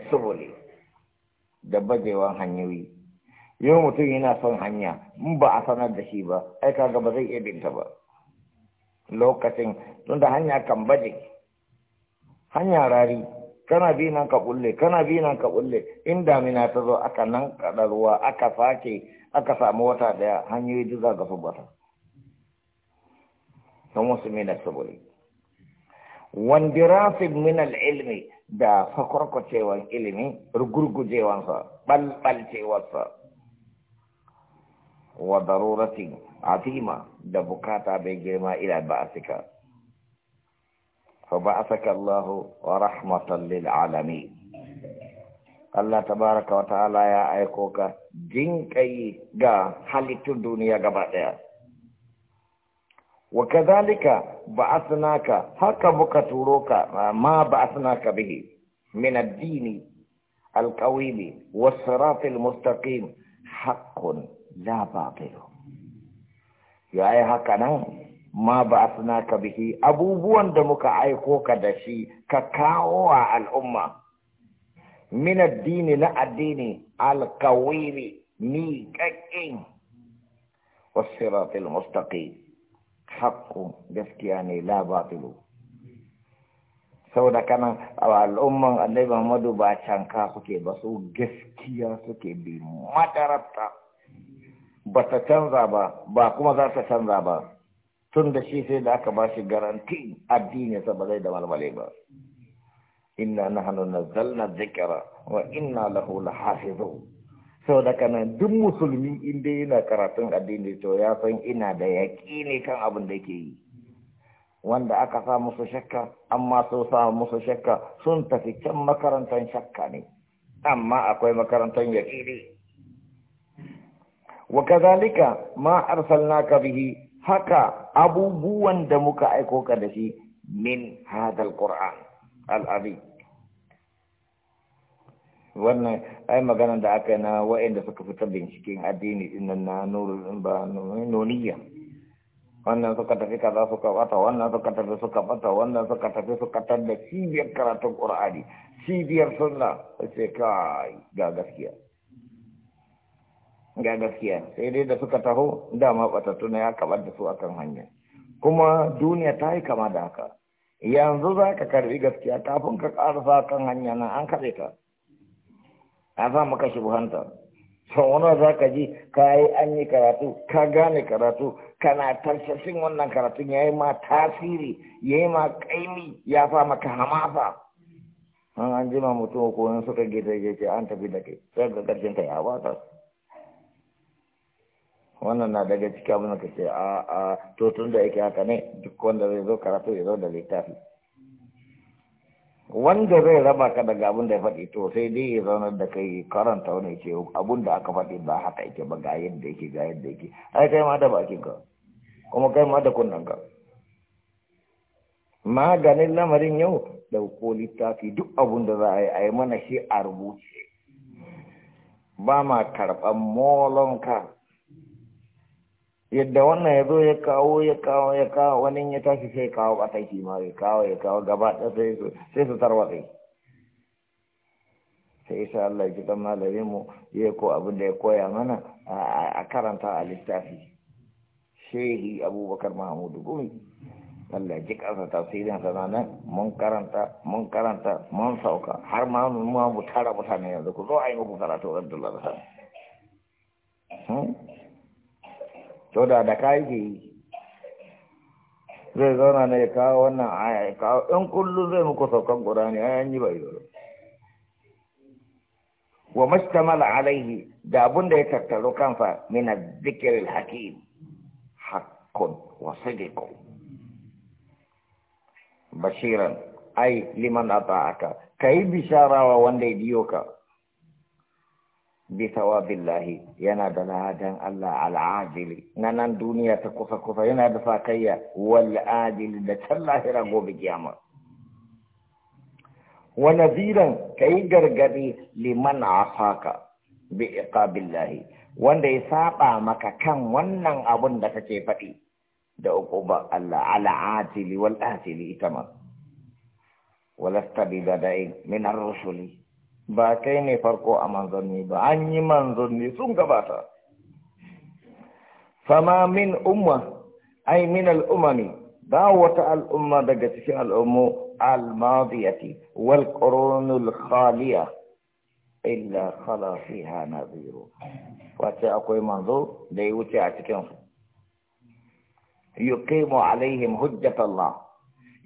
da bajewan hanyoyi yau mutum yana son hanya in ba a sanar da shi ba ai kaga ba zai iya binta ba lokacin tunda hanya kan baje hanya rari kana bi nan ka kulle kana bi nan ka kulle in damina ta zo aka nan kada ruwa aka sake aka samu wata daya hanyoyi duk za ga su bata kan wasu mina wan wandirafin min ilmi da fakwarkwacewan ilimi rugurgujewansa balbalcewarsa وضرورة عظيمة دبكاتا بجرما إلى بعثك فبعثك الله ورحمة للعالمين الله تبارك وتعالى يا أيكوكا جنكي غا حلت الدنيا غبائيا وكذلك بعثناك هكا بكتوروكا ما بعثناك به من الدين القويم والصراط المستقيم حق ba ya yi haka nan ma ba suna ka bihi abubuwan da muka aiko ka da shi ka kawo a al'umma min addini na addini alkawiri ni kakkin wasiratul mustaqi haqqu gaskiya ne la batilu saboda kana al'umman annabi Muhammadu ba canka suke ba su gaskiya suke bi madarata ba ta canza ba ba kuma za ta canza ba tun da shi sai da aka ba shi garanti sa ba zai da malmale ba inna nahnu nazzalna dhikra wa inna lahu lahafizun da kana duk musulmi inda yana karatun addini to ya san ina da ne kan abin da yake yi wanda aka sa musu shakka amma so sa musu shakka sun tafi can makarantar shakka ne amma akwai makarantar ne. wa kazalika ma arsalnaka bihi haka abubuwan da muka aiko ka da shi min hadal qur'an al-abi wannan ai magana da aka na wa'anda suka fita binciken addini dinnan na nurul ba noniya wannan suka tafi ka kaza suka bata wannan suka tafi suka bata wannan suka tafi suka tar da cibiyar karatun qur'ani cibiyar sunna sai kai ga gaskiya ga gaskiya sai dai da suka taho dama batattu na ya kabar da su akan hanya kuma duniya ta yi kama da haka yanzu za ka karbi gaskiya kafin ka karasa kan hanya nan an kare ta a sa maka shubuhanta sau wani za ka ji ka yi an yi karatu ka gane karatu kana tarsashin wannan karatun ya yi ma tasiri ya yi ma kaimi ya fa maka hamafa an an jima mutum ko suka gida ya ce an tafi da kai sai ga karshen ta ya ta. wannan na daga cikin abin da ka ce a a to tun da yake haka ne duk wanda zai zo karatu ya zo da littafi wanda zai raba ka daga abin da ya faɗi to sai dai ya zauna da kai karanta wani ce abin da aka faɗi ba haka yake ba ga yadda yake ga yadda yake ai kai ma da bakin ka kuma kai ma da kunnen ka maganin lamarin yau dauko littafi duk abin da za a yi a yi mana shi a rubuce ba ma karɓan ka. yadda wannan ya zo ya kawo ya kawo ya kawo wani ya tashi sai kawo bataki ma ya kawo ya kawo gaba ɗaya sai su tarwatsa sai isa Allah ya ji malamin mu ya ko abin da ya koya mana a karanta a littafi shehi abubakar mahamudu gumi Allah ya ji kansa tafsirin sananan mun karanta mun karanta mun sauka har ma mu tara mutane yanzu ku zo a yi muku karatu abdullahi to da da kayi zai zauna ne ya kawo wannan aya in kullum zai muku saukan ƙurani ayan yi bai yoro wa mashtamala alaihi da abun da ya tattaro kanfa min zikirin hakim hakkun wa sadiqun bashiran ai liman ata'aka kai bishara wa wanda ya biyo ka bi yana da ladan Allah al'adili na nan duniya ta kufa kufa yana da fatayya wal adil da can lahira gobe kiyama wa nadiran kai gargadi liman afaka bi iqabillahi wanda ya saba maka kan wannan abun da kake faɗi da uquba Allah al'adili wal adili itama ولست بدائي من الرسل ba kai ne farko a manzanni ba an yi manzanni sun gabata fama min umma ay min al al'umami ba wata al umma daga cikin al al'ummu al-madiyati wal qurunul khaliya illa khala fiha nadhiru wace akwai manzo da ya wuce a cikin su yuqimu alaihim hujjat allah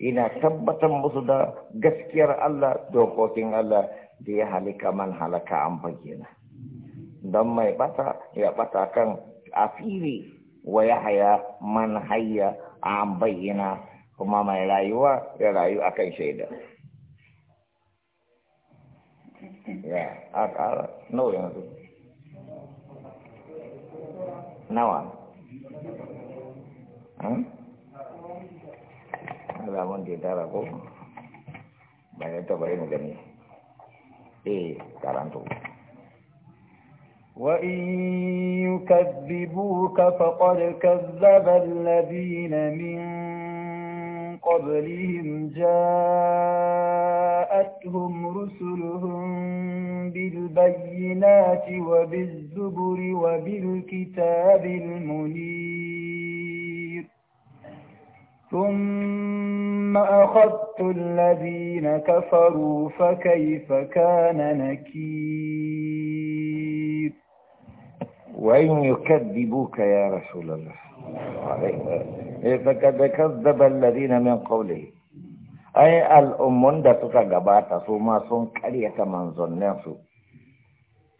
ina tabbatan musu da gaskiyar Allah dokokin Allah da ya halika man halaka an bayyana don mai bata ya bata kan asiri wa ya haya man hayya an bayyana kuma mai rayuwa ya rayu akan shaida ya a ƙara nau yanzu nawa hmm? alamun da ya tara ko bayan ta bari gani eh وإن يكذبوك فقد كذب الذين من قبلهم جاءتهم رسلهم بالبينات وبالزبر وبالكتاب المنير ثم أخذت الذين كفروا فكيف كان نكير وإن يكذبوك يا رسول الله فقد كذب الذين من قوله ai al'ummun da suka gabata su ma sun karyata manzanninsu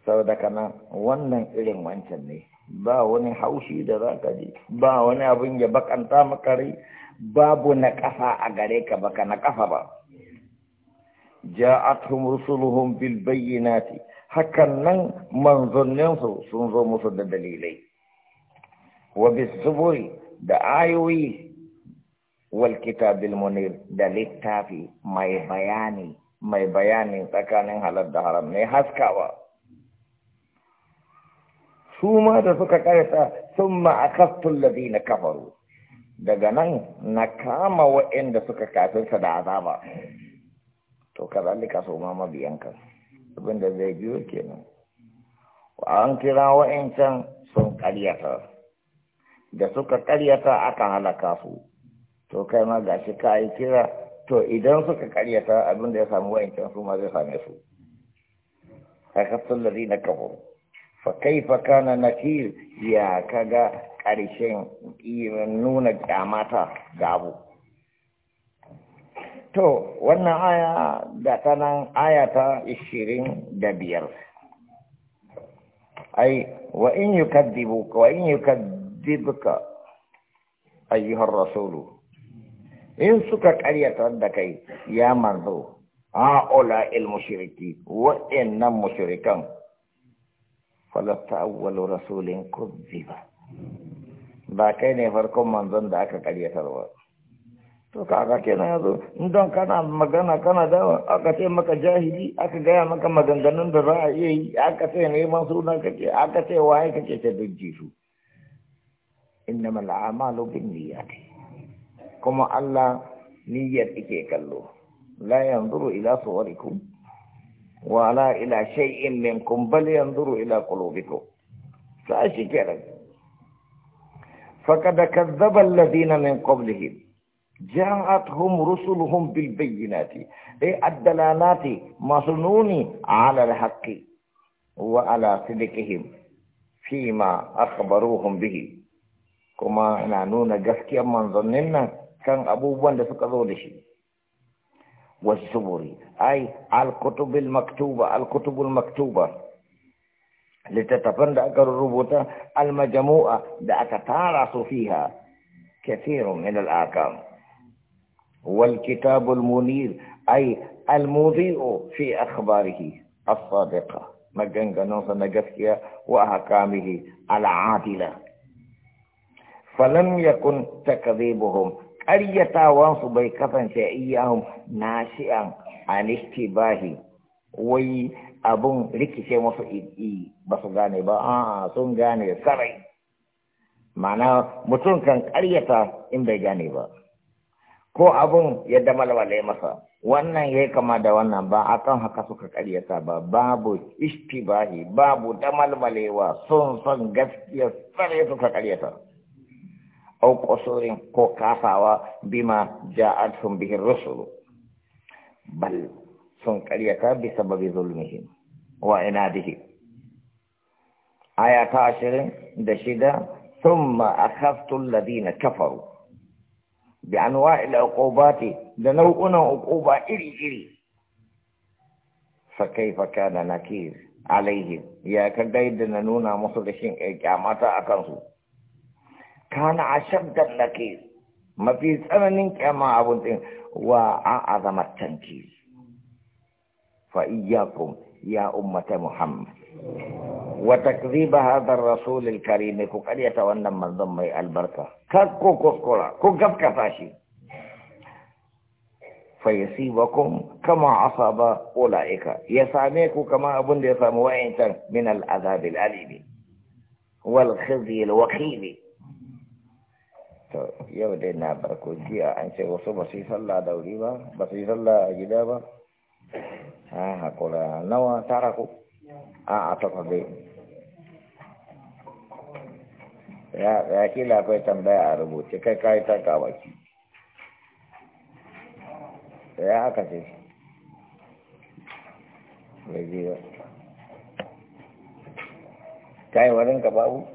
sau da kana wannan irin wancan ne ba wani haushi da za ka ji ba wani abin ya bakanta makari babu na ƙasa a gare ka baka na ƙasa ba ja'atuhum rusuluhum bil bayyinati hakan nan manzanninsu sun zo musu da dalilai wa bisuburi da ayoyi walkita kitabil munir da littafi mai bayani mai bayani tsakanin halar da haram ne haskawa su ma da suka karanta sun ma'akastun lafi na kafaru daga nan na kama wa'inda suka kafirta da azaba to kazalika su ma mabiyanka abinda zai biyo kenan an kira wa'incan sun karyata da suka karyata aka halaka su to kai ma gashi ka yi kira to idan suka karyata abinda ya samu wa'incan su ma zai same su hakattun lalina kafin na كان ya kaga ƙarshen irin nuna ga gabu to wannan aya da ta nan aya ta biyar. ai wa in yi ka wa in ka ayyuhar rasulu in suka karyata da kai ya manzo ha'ula il mushriki nan mushirikan falasta awwalu rasulin kuzziba ba kai ne farkon manzon da aka karyatarwa to kaga kenan yanzu in don kana magana kana da aka ce maka jahili aka gaya maka maganganun da za a iya yi aka ce neman suna kake aka ce waye kake ta dukji su innama al'amalu bin niyyati kuma Allah niyyar ike kallo la yanzuru ila suwarikum ولا إلى شيء منكم بل ينظر إلى قلوبكم فأشي كذا فقد كذب الذين من قبلهم جاءتهم رسلهم بالبينات أي الدلالات مصنون على الحق وعلى صدقهم فيما أخبروهم به كما نانون جسكي من ظننا كان بند لسكذولشي والزبر أي الكتب المكتوبة الكتب المكتوبة لتتفند أكر الربوطة المجموعة لأتتارس فيها كثير من الآكام والكتاب المنير أي المضيء في أخباره الصادقة مجنجنوس نجسكيا وأحكامه العادلة فلم يكن تكذيبهم ƙaryatawansu bai kasance iyahun nashi'an shi wai abun rikice masu iri ba su gane ba a sun gane sarai mana mutum kan ƙaryata in bai gane ba ko abun yadda malwale masa wannan ya kama da wannan ba kan haka suka ƙaryata ba babu ishtibahi babu damalmalewa sun son gaskiya sarai suka ƙaryata au qusurin ko kafawa bima ja'atuhum bihi bihin rusul bal sun qaryata bi sababi zulmihim wa inadihi aya ta ashirin da shida thumma akhaftu alladhina kafaru bi anwa'il uqubati da nau'unan uquba iri-iri Sakai, kaifa kana nakir alaihim ya ka gaida na nuna musu da shin kyamata a kansu? كان أشد النكير ما في ثمن كما تين وأعظم التنكير فإياكم يا أمة محمد وتكذيب هذا الرسول الكريم كقد يتولى من ضم البركة كاكو كسكولا كوكب كفاشي فيصيبكم كما أصاب أولئك يساميك كما أبون يسام وإنت من العذاب الأليم والخزي الوخيم to yau dai na farko jiya an ce wasu ba su yi sallah da wuri ba ba su yi sallah a gida ba a haƙura nawa tara ku a a takwas dai ya kila kai tambaya a rubuce kai kai ta kawaki ya aka ce bai ta yi warin ka babu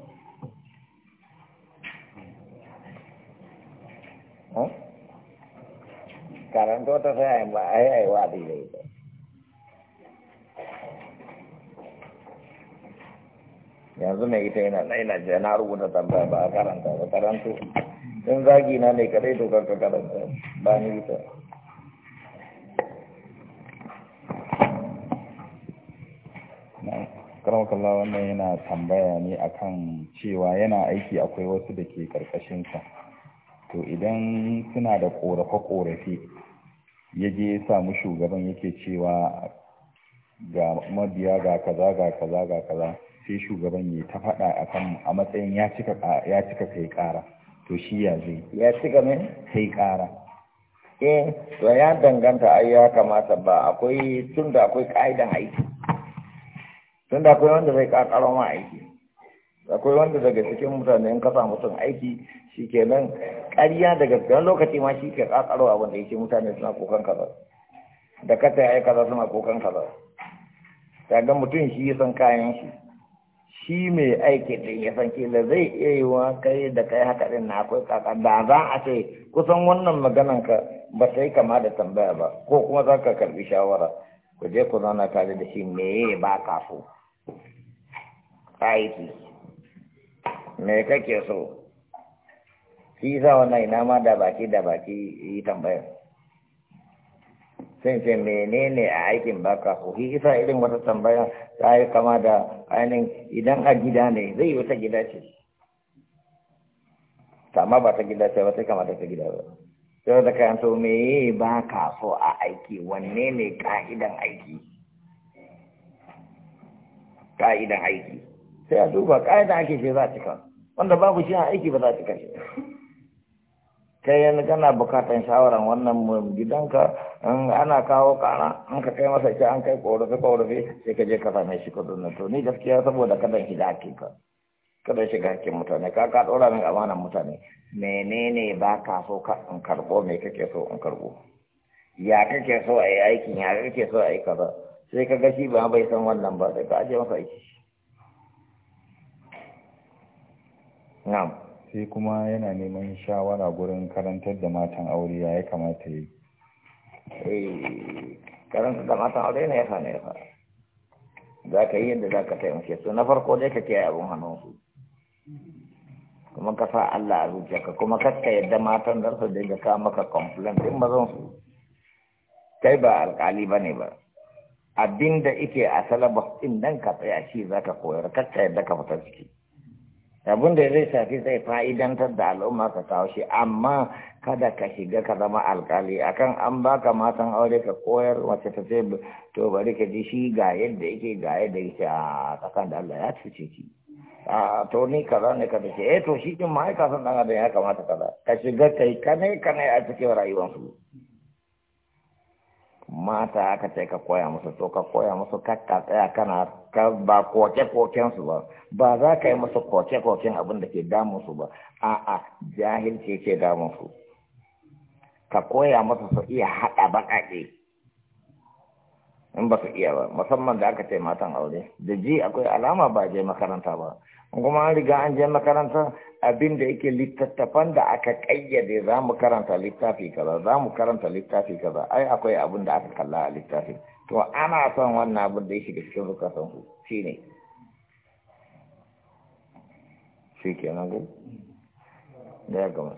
karanto ta sai ba ai ai wadi da ita yanzu mai ita yana na ina je na rubuta tambaya ba karanta ba karanto don zagi na ne kadai to karka karanta ba ni ita karmakalla wannan yana tambaya ne akan cewa yana aiki akwai wasu da ke karkashinsa to idan suna da korafe-korafe ya je ya samu shugaban yake cewa ga mabiya ga kaza ga kaza ga kaza sai shugaban ya ta faɗa a kan a matsayin ya cika ya cika kai ƙara to shi ya zai ya cika mai kai ƙara eh to ya danganta ai ya kamata ba akwai tunda akwai ka'idan aiki tunda akwai wanda zai ƙaƙaro ma aiki akwai wanda daga cikin mutane in kasa mutum aiki shi kenan ƙarya daga gaskiyar lokaci ma shi ke ƙaƙaro abin da yake mutane suna kokan kaza da kata ya kaza suna kokan kaza ga mutum shi ya san kayan shi shi mai aiki din ya san da zai iya yi wa kai da kai haka din na akwai kaka da za a ce kusan wannan maganan ka ba sai kama da tambaya ba ko kuma za ka karbi shawara ku je ku zauna tare da shi me ba ka so aiki me kake so shi za wannan ina ma da baki da baki yi tambaya sai ce menene a aikin baka ko shi isa irin wata tambaya ta yi kama da ainihin idan a gida ne zai yi wata gida ce sama ba ta gida ce ba sai kama ta gida ba sai da kayan to me ba ka so a aiki wanne ne ka'idan aiki ka'idan aiki sai a duba ka'idan aiki ce za a cika wanda babu shi a aiki ba za ta kashe kai yanzu kana bukatan shawaran wannan gidanka ana kawo kana an ka kai masa ce an kai korafe korafe sai ka je ka same shi kudin to ni gaskiya saboda kadan shiga hakkin ka kada shiga hakkin mutane ka ka dora min amanan mutane menene ba ka so ka in karbo me kake so in karbo ya kake so a yi aikin ya kake so a yi kaza sai ka gashi ba bai san wannan ba sai ka aje masa aiki na'am sai kuma yana neman shawara gurin karantar da matan aure ya ya kamata yi eh, karantar da matan aure na ya na ya za ka yi yadda za ka taimake su na farko dai ka kiyaye abin hannunsu kuma ka sa Allah a zuciyarka kuma kakka yadda matan za su dinga ka maka complaint din mazan su kai ba alkali ba ne ba abin da ike a salabar din nan ka tsaya shi za ka koyar kakka yadda ka fita ciki abin da zai shafi zai fa'idantar da al'umma ka kawo shi amma kada ka shiga ka zama alkali akan an baka matan aure ka koyar wacce ta ce to bari ka ji shi ga yadda yake ga yadda yake a tsakan da Allah ya cuce ki a to ni kaza ne ka ce eh to shi din ma'aikatan dan adam ya kamata kaza ka shiga kai kane kane a cikin rayuwar su mata aka ce ka koya musu to ka koya musu kakka tsaya kana ka ba koke-koken su ba ba za ka yi masa koke-koken abin da ke damun su ba a'a jahilci ke damun su ka koya masa su iya haɗa baƙaƙe in ba su iya ba musamman da aka ce matan aure da ji akwai alama ba je makaranta ba kuma an riga an je makaranta abin da yake littattafan da aka ƙayyade za mu karanta littafi kaza za mu karanta littafi kaza ai akwai abin da aka kalla a littafi. to ana son wannan abin da ya shiga cikin zukatan ku shi ne shi ke nan ku da ya gama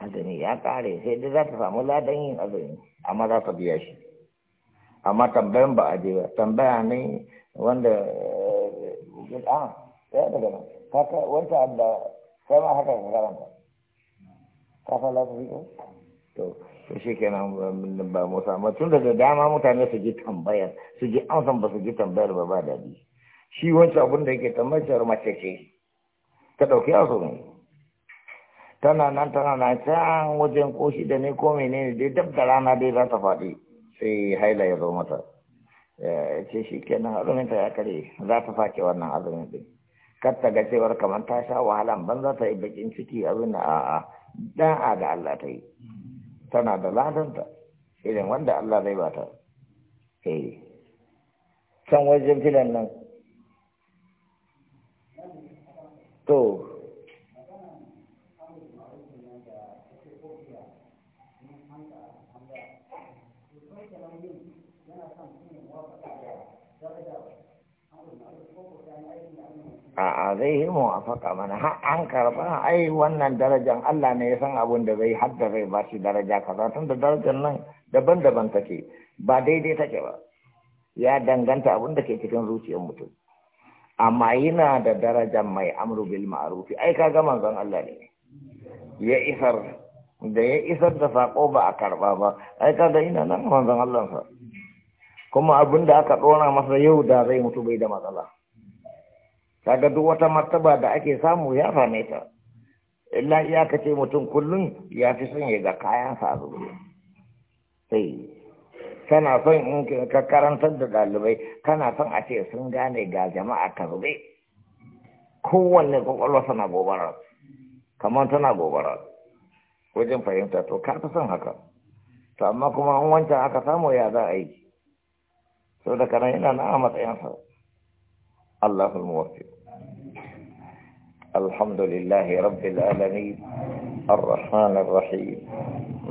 azumi ya kare sai da za ta samu ladan yin azumi amma za ta biya shi amma tambayan ba a jewa, tambaya ne wanda cikin a ah, ya daga nan kaka wanta Allah sai ma haka ka karanta ka fa la ko to to shi kenan ba musa? samu tun da dama mutane su ji tambayar su ji an ba su ji tambayar ba ba daɗi. shi wancan abin da yake tambayar mace ce ta ɗauki asu ne tana nan tana na can wajen koshi da ne ko menene dai dab da rana dai za ta faɗi sai haila ya zo mata Eh, ce shi kenan azumin ta ya kare za ta sake wannan azumin din kar ta ga cewar kamar ta sha wahalan ban za ta yi bakin ciki abin a'a a da Allah ta yi tana da ladanta irin wanda Allah zai ba ta eh can wajen filan nan to a'a zai yi muwafaka mana har an karba ai wannan darajan Allah ne ya san abin da zai hadda zai ba shi daraja kaza tun da darajar nan daban-daban take ba daidai take ba ya danganta abin da ke cikin zuciyar mutum amma yana da darajar mai amru bil ma'ruf ai ga manzon Allah ne ya isar da ya isar da sako ba a karba ba ai ga ina nan manzon Allah sa kuma abin da aka dora masa yau da zai mutu bai da matsala kaga duk wata martaba da ake samu ya same ta illa iya ce mutum kullum ya fi son ya ga kayan sa sai kana son in ka karantar da ɗalibai kana son a ce sun gane ga jama'a ka zube kowanne kwakwalwa sana gobara kamar tana gobara wajen fahimta to ka fi son haka to amma kuma an wancan aka samu ya za a yi sau da kana yana na a matsayinsa الله الموفق الحمد لله رب العالمين الرحمن الرحيم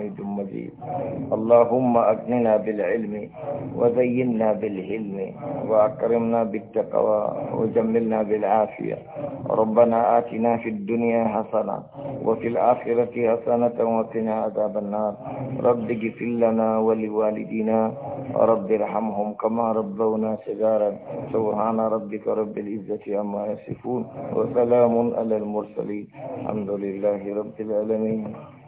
حميد مجيد اللهم أغننا بالعلم وزينا بالهلم وأكرمنا بالتقوى وجملنا بالعافية ربنا آتنا في الدنيا حسنة وفي الآخرة حسنة وقنا عذاب النار رب اغفر لنا ولوالدينا رب ارحمهم كما ربونا صغارا سبحان ربك رب العزة عما يصفون وسلام على المرسلين الحمد لله رب العالمين